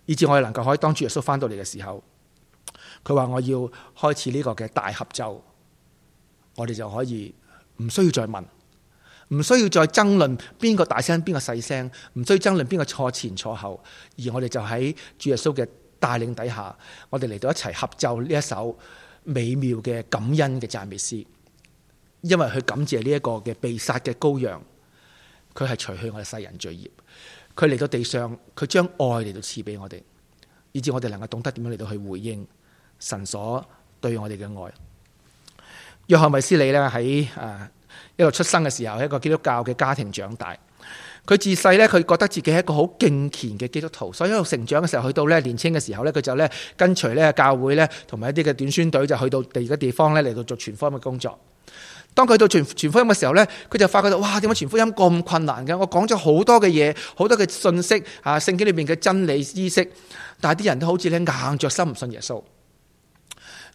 以致我哋能夠可以當主耶穌翻到嚟嘅時候，佢話我要開始呢個嘅大合奏，我哋就可以。唔需要再問，唔需要再爭論邊個大聲邊個細聲，唔需要爭論邊個錯前錯後，而我哋就喺主耶穌嘅帶領底下，我哋嚟到一齊合奏呢一首美妙嘅感恩嘅讚美詩，因為佢感謝呢一個嘅被殺嘅羔羊，佢係除去我哋世人罪孽，佢嚟到地上，佢將愛嚟到賜俾我哋，以至我哋能夠懂得點樣嚟到去回應神所對我哋嘅愛。約翰·衛斯理咧喺啊一個出生嘅時候，喺一個基督教嘅家庭長大。佢自細咧，佢覺得自己係一個好敬虔嘅基督徒。所以喺度成長嘅時候，去到咧年青嘅時候咧，佢就咧跟隨咧教會咧，同埋一啲嘅短宣隊就去到第二個地方咧嚟到做傳福音嘅工作。當佢到傳傳福音嘅時候咧，佢就發覺到哇，點解傳福音咁困難嘅？我講咗好多嘅嘢，好多嘅信息啊，聖經裏邊嘅真理知識，但係啲人都好似咧硬着心唔信耶穌。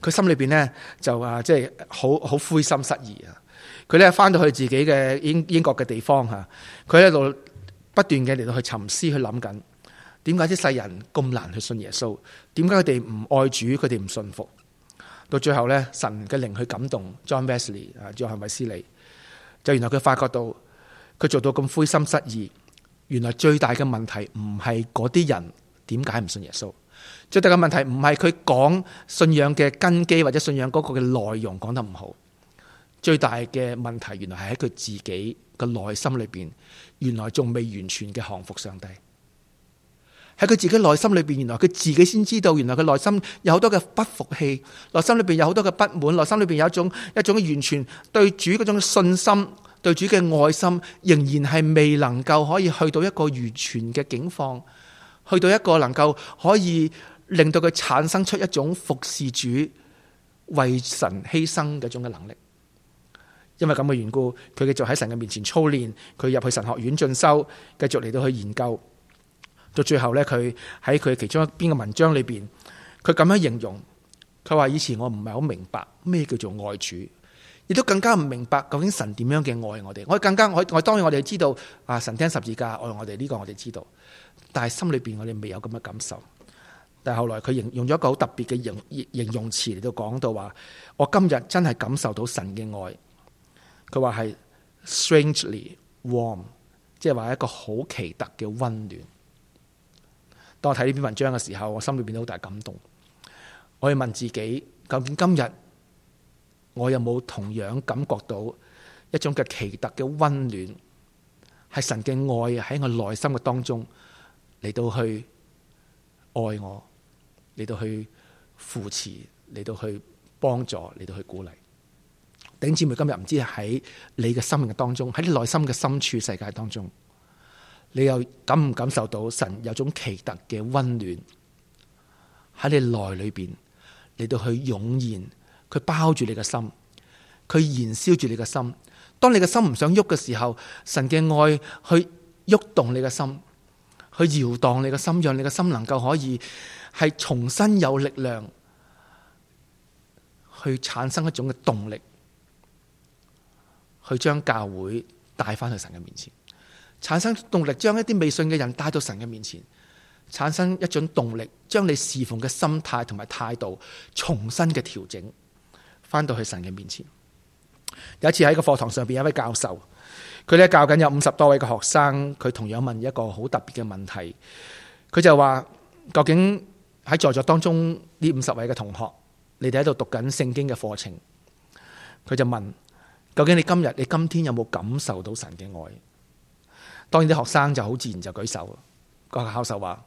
佢心裏邊咧就啊，即係好好灰心失意啊！佢咧翻到去自己嘅英英國嘅地方吓，佢喺度不斷嘅嚟到去沉思，去諗緊點解啲世人咁難去信耶穌？點解佢哋唔愛主？佢哋唔信服？到最後咧，神嘅靈去感動 John Wesley 啊，約翰衛斯理，就原來佢發覺到佢做到咁灰心失意，原來最大嘅問題唔係嗰啲人點解唔信耶穌。最大嘅問題唔係佢講信仰嘅根基或者信仰嗰個嘅內容講得唔好，最大嘅問題原來係喺佢自己嘅內心裏邊，原來仲未完全嘅降服上帝。喺佢自己內心裏邊，原來佢自己先知道，原來佢內心有好多嘅不服氣，內心裏邊有好多嘅不滿、滿，內心裏邊有一種一種完全對主嗰種信心、對主嘅愛心，仍然係未能夠可以去到一個完全嘅境況，去到一個能夠可以。令到佢產生出一種服侍主、為神犧牲嗰種嘅能力。因為咁嘅緣故，佢繼續喺神嘅面前操練，佢入去神學院進修，繼續嚟到去研究。到最後呢，佢喺佢其中一邊嘅文章裏邊，佢咁樣形容：佢話以前我唔係好明白咩叫做愛主，亦都更加唔明白究竟神點樣嘅愛我哋。我更加我我當然我哋知道啊，神釘十字架愛我哋呢個我哋知道，但係心裏邊我哋未有咁嘅感受。但係後來佢用用咗一個好特別嘅形形容詞嚟到講到話，我今日真係感受到神嘅愛。佢話係 strangely warm，即係話一個好奇特嘅溫暖。當我睇呢篇文章嘅時候，我心裏邊都好大感動。我要問自己，究竟今日我有冇同樣感覺到一種嘅奇特嘅溫暖，係神嘅愛喺我內心嘅當中嚟到去愛我。嚟到去扶持，嚟到去幫助，嚟到去鼓勵頂姊妹。今日唔知喺你嘅生命當中，喺你內心嘅深處世界當中，你又感唔感受到神有種奇特嘅溫暖喺你內裏邊嚟到去湧現，佢包住你嘅心，佢燃燒住你嘅心。當你嘅心唔想喐嘅時候，神嘅愛去喐動你嘅心，去搖蕩你嘅心，讓你嘅心能夠可以。係重新有力量去產生一種嘅動力，去將教會帶翻去神嘅面前，產生動力，將一啲未信嘅人帶到神嘅面前，產生一種動力，將你侍奉嘅心態同埋態度重新嘅調整，翻到去神嘅面前。有一次喺個課堂上邊，一位教授，佢咧教緊有五十多位嘅學生，佢同樣問一個好特別嘅問題，佢就話：究竟？喺在座,座當中呢五十位嘅同學，你哋喺度讀緊聖經嘅課程，佢就問：究竟你今日、你今天有冇感受到神嘅愛？當然啲學生就好自然就舉手。個教授話：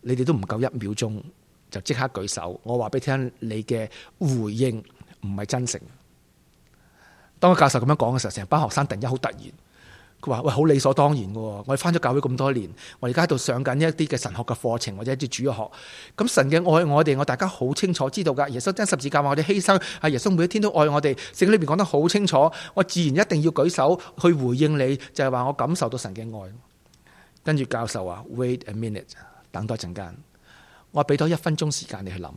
你哋都唔夠一秒鐘就即刻舉手。我話俾你聽，你嘅回應唔係真誠。當個教授咁樣講嘅時候，成班學生突然好突然。佢話喂好理所當然嘅，我哋翻咗教會咁多年，我而家喺度上緊一啲嘅神學嘅課程或者一啲主學，咁神嘅愛我哋我大家好清楚知道噶。耶穌真十字教話我哋犧牲，啊耶穌每一天都愛我哋，聖經裏邊講得好清楚。我自然一定要舉手去回應你，就係話我感受到神嘅愛。跟住教授話，wait a minute，等多一陣間，我俾多一分鐘時間你去諗，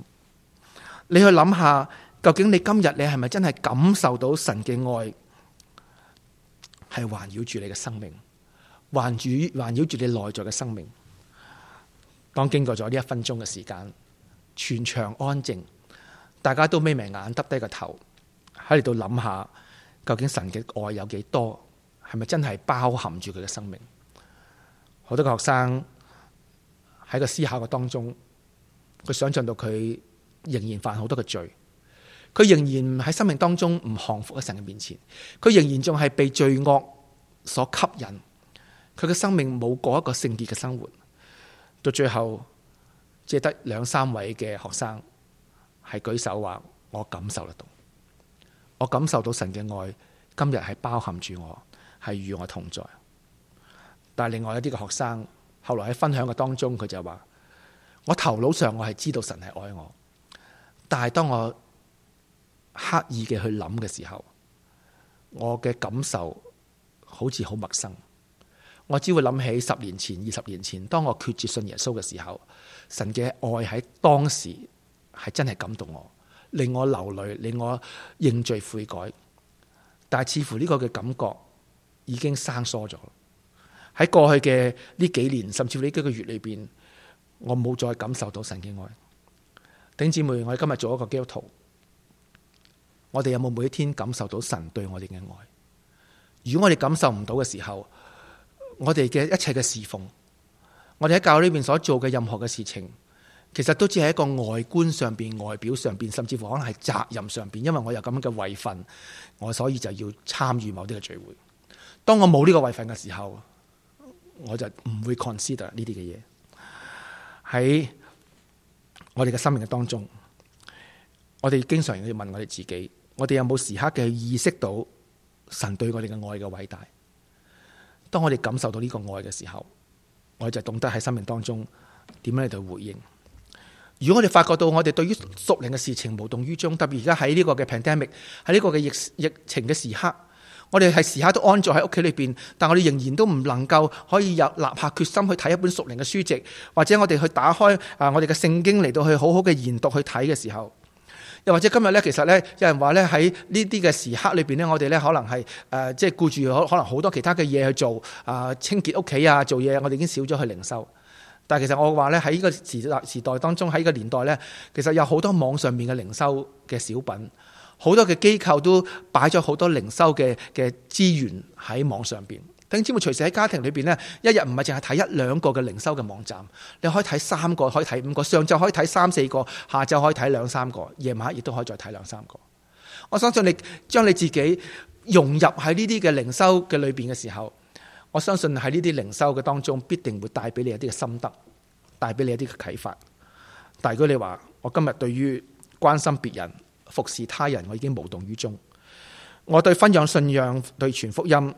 你去諗下究竟你今日你係咪真係感受到神嘅愛？係環繞住你嘅生命，環繞環繞住你內在嘅生命。當經過咗呢一分鐘嘅時間，全場安靜，大家都眯埋眼，耷低個頭，喺度諗下究竟神嘅愛有幾多？係咪真係包含住佢嘅生命？好多個學生喺個思考嘅當中，佢想象到佢仍然犯好多嘅罪。佢仍然喺生命當中唔降服喺神嘅面前，佢仍然仲係被罪惡所吸引，佢嘅生命冇過一個聖潔嘅生活，到最後只得兩三位嘅學生係舉手話我感受得到，我感受到神嘅愛，今日係包含住我，係與我同在。但係另外一啲嘅學生後來喺分享嘅當中，佢就話我頭腦上我係知道神係愛我，但係當我。刻意嘅去諗嘅時候，我嘅感受好似好陌生。我只會諗起十年前，二十年前，當我決志信耶穌嘅時候，神嘅愛喺當時係真係感動我，令我流淚，令我認罪悔改。但係似乎呢個嘅感覺已經生疏咗。喺過去嘅呢幾年，甚至呢幾個月裏邊，我冇再感受到神嘅愛。頂姊妹，我哋今日做一個基督徒。我哋有冇每一天感受到神對我哋嘅愛？如果我哋感受唔到嘅時候，我哋嘅一切嘅侍奉，我哋喺教會呢邊所做嘅任何嘅事情，其實都只係一個外觀上邊、外表上邊，甚至乎可能係責任上邊。因為我有咁嘅位份，我所以就要參與某啲嘅聚會。當我冇呢個位份嘅時候，我就唔會 consider 呢啲嘅嘢。喺我哋嘅生命嘅當中，我哋經常要問我哋自己。我哋有冇時刻嘅意識到神對我哋嘅愛嘅偉大？當我哋感受到呢個愛嘅時候，我就懂得喺生命當中點樣嚟到回應如果我哋發覺到我哋對於屬靈嘅事情無動於衷，特別而家喺呢個嘅 pandemic，喺呢個嘅疫疫情嘅時刻，我哋係時刻都安坐喺屋企裏邊，但我哋仍然都唔能夠可以有立下決心去睇一本屬靈嘅書籍，或者我哋去打開啊我哋嘅聖經嚟到去好好嘅研讀去睇嘅時候。又或者今日咧，其實咧有人話咧喺呢啲嘅時刻裏邊咧，我哋咧可能係誒即係顧住可可能好多其他嘅嘢去做啊，清潔屋企啊，做嘢，我哋已經少咗去靈修。但係其實我話咧喺呢個時代時代當中，喺呢個年代咧，其實有好多網上面嘅靈修嘅小品，好多嘅機構都擺咗好多靈修嘅嘅資源喺網上邊。你知會隨時喺家庭裏邊呢，一日唔係淨係睇一兩個嘅靈修嘅網站，你可以睇三個，可以睇五個，上晝可以睇三四個，下晝可以睇兩三個，夜晚亦都可以再睇兩三個。我相信你將你自己融入喺呢啲嘅靈修嘅裏邊嘅時候，我相信喺呢啲靈修嘅當中必定會帶俾你一啲嘅心得，帶俾你一啲嘅啟發。但係如果你話我今日對於關心別人、服侍他人，我已經無動於衷，我對分享信仰、對傳福音。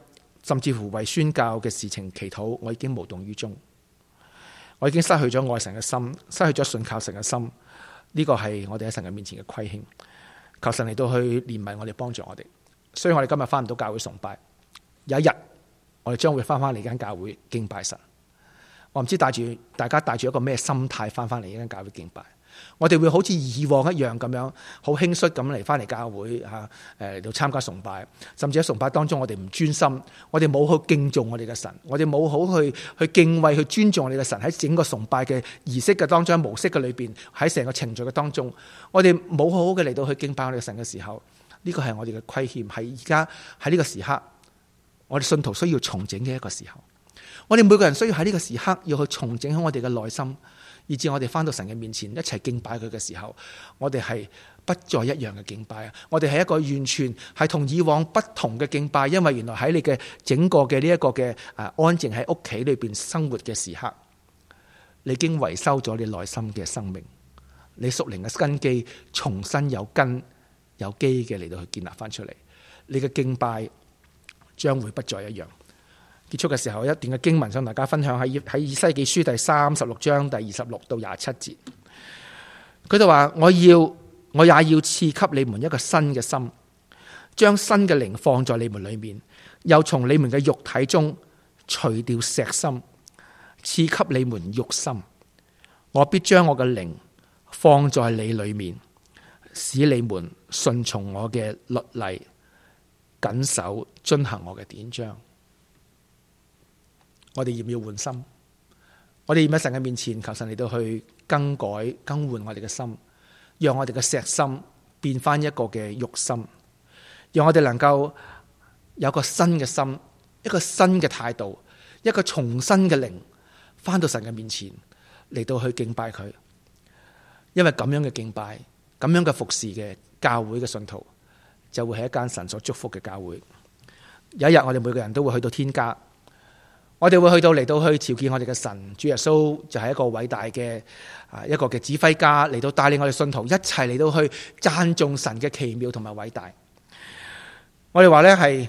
甚至乎為宣教嘅事情祈禱，我已經無動於衷，我已經失去咗愛神嘅心，失去咗信靠神嘅心，呢、這個係我哋喺神嘅面前嘅虧欠，求神嚟到去憐憫我哋，幫助我哋。所以我哋今日翻唔到教會崇拜，有一日我哋將會翻返嚟間教會敬拜神，我唔知道帶住大家帶住一個咩心態翻返嚟呢間教會敬拜。我哋會好似以往一樣咁樣，好輕率咁嚟返嚟教會啊，誒嚟到參加崇拜，甚至喺崇拜當中我哋唔專心，我哋冇去敬重我哋嘅神，我哋冇好去去敬畏、去尊重我哋嘅神喺整個崇拜嘅儀式嘅當中、模式嘅裏邊、喺成個程序嘅當中，我哋冇好好嘅嚟到去敬拜我哋嘅神嘅時候，呢個係我哋嘅虧欠，係而家喺呢個時刻，我哋信徒需要重整嘅一個時候，我哋每個人需要喺呢個時刻要去重整喺我哋嘅內心。以至我哋翻到神嘅面前一齊敬拜佢嘅時候，我哋係不再一樣嘅敬拜啊！我哋喺一個完全係同以往不同嘅敬拜，因為原來喺你嘅整個嘅呢一個嘅，誒安靜喺屋企裏邊生活嘅時刻，已經維修咗你內心嘅生命，你屬靈嘅根基重新有根有基嘅嚟到去建立翻出嚟，你嘅敬拜將會不再一樣。結束嘅時候，一段嘅經文想大家分享喺喺以西結書第三十六章第二十六到廿七節，佢就話：我要我也要賜給你們一個新嘅心，將新嘅靈放在你們裏面，又從你們嘅肉體中除掉石心，賜給你們肉心。我必將我嘅靈放在你裏面，使你們順從我嘅律例，謹守遵行我嘅典章。我哋要唔要換心？我哋要喺神嘅面前求神嚟到去更改、更換我哋嘅心，讓我哋嘅石心變翻一個嘅肉心，讓我哋能夠有個新嘅心、一個新嘅態度、一個重新嘅靈，翻到神嘅面前嚟到去敬拜佢。因為咁樣嘅敬拜、咁樣嘅服侍嘅教會嘅信徒，就會係一間神所祝福嘅教會。有一日，我哋每個人都會去到天家。我哋會去到嚟到去朝見我哋嘅神。主耶穌，就係一個偉大嘅，啊一個嘅指揮家嚟到帶領我哋信徒一齊嚟到去讚頌神嘅奇妙同埋偉大。我哋話呢係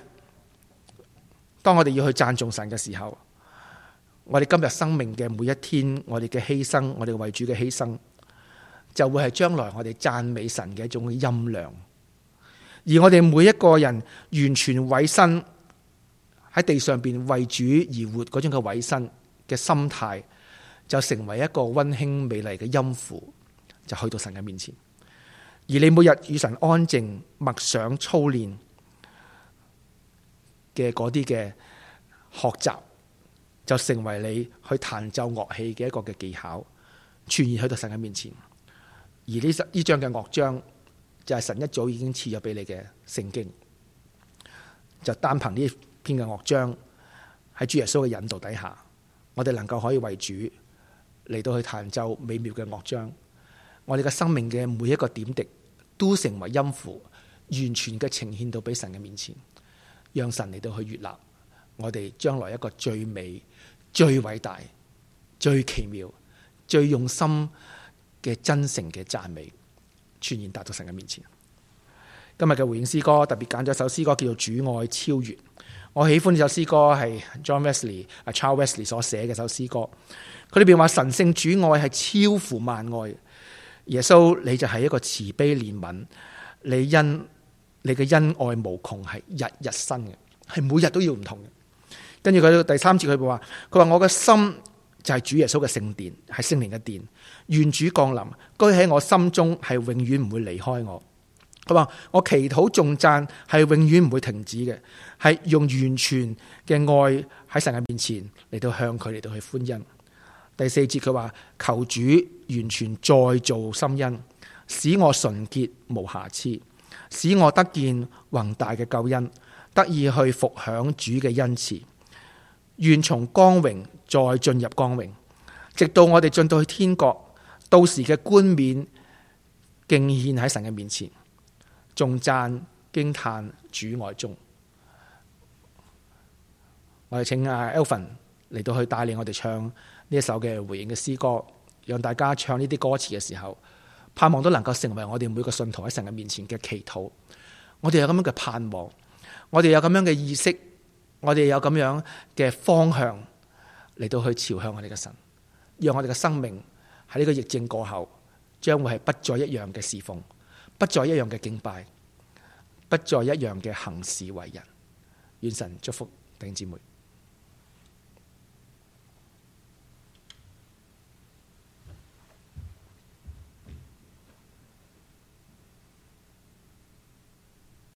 當我哋要去讚頌神嘅時候，我哋今日生命嘅每一天，我哋嘅犧牲，我哋為主嘅犧牲，就會係將來我哋讚美神嘅一種音量。而我哋每一個人完全委身，喺地上邊為主而活嗰種嘅委身嘅心態，就成為一個溫馨美麗嘅音符，就去到神嘅面前。而你每日與神安靜默想操練嘅嗰啲嘅學習，就成為你去彈奏樂器嘅一個嘅技巧，傳意去到神嘅面前。而呢十呢張嘅樂章，就係、是、神一早已經賜咗俾你嘅聖經，就單憑呢。天嘅樂章，喺主耶穌嘅引導底下，我哋能夠可以為主嚟到去彈奏美妙嘅樂章。我哋嘅生命嘅每一個點滴都成為音符，完全嘅呈現到俾神嘅面前，讓神嚟到去悅納我哋將來一個最美、最偉大、最奇妙、最用心嘅真誠嘅讚美，傳言達到神嘅面前。今日嘅回應詩歌特別揀咗首詩歌，叫做《主愛超越》。我喜歡呢首詩歌係 John Wesley 阿 Charles Wesley 所寫嘅首詩歌，佢裏邊話神聖主愛係超乎萬愛，耶穌你就係一個慈悲憐憫，你因你嘅恩愛無窮係日日生嘅，係每日都要唔同嘅。跟住佢第三節佢話，佢話我嘅心就係主耶穌嘅聖殿，係聖靈嘅殿，願主降臨居喺我心中，係永遠唔會離開我。佢話：我祈禱、頌讚係永遠唔會停止嘅，係用完全嘅愛喺神嘅面前嚟到向佢嚟到去歡欣。第四節佢話：求主完全再造心恩，使我純潔無瑕疵，使我得見宏大嘅救恩，得以去復享主嘅恩慈。願從光榮再進入光榮，直到我哋進到去天國，到時嘅冠冕敬獻喺神嘅面前。仲讚驚嘆主愛中，我哋請阿 Elvin 嚟到去帶領我哋唱呢一首嘅回應嘅詩歌，讓大家唱呢啲歌詞嘅時候，盼望都能夠成為我哋每個信徒喺神嘅面前嘅祈禱。我哋有咁樣嘅盼望，我哋有咁樣嘅意識，我哋有咁樣嘅方向嚟到去朝向我哋嘅神，讓我哋嘅生命喺呢個疫症過後，將會係不再一樣嘅侍奉。不再一樣嘅敬拜，不再一樣嘅行事為人，願神祝福弟兄姊妹。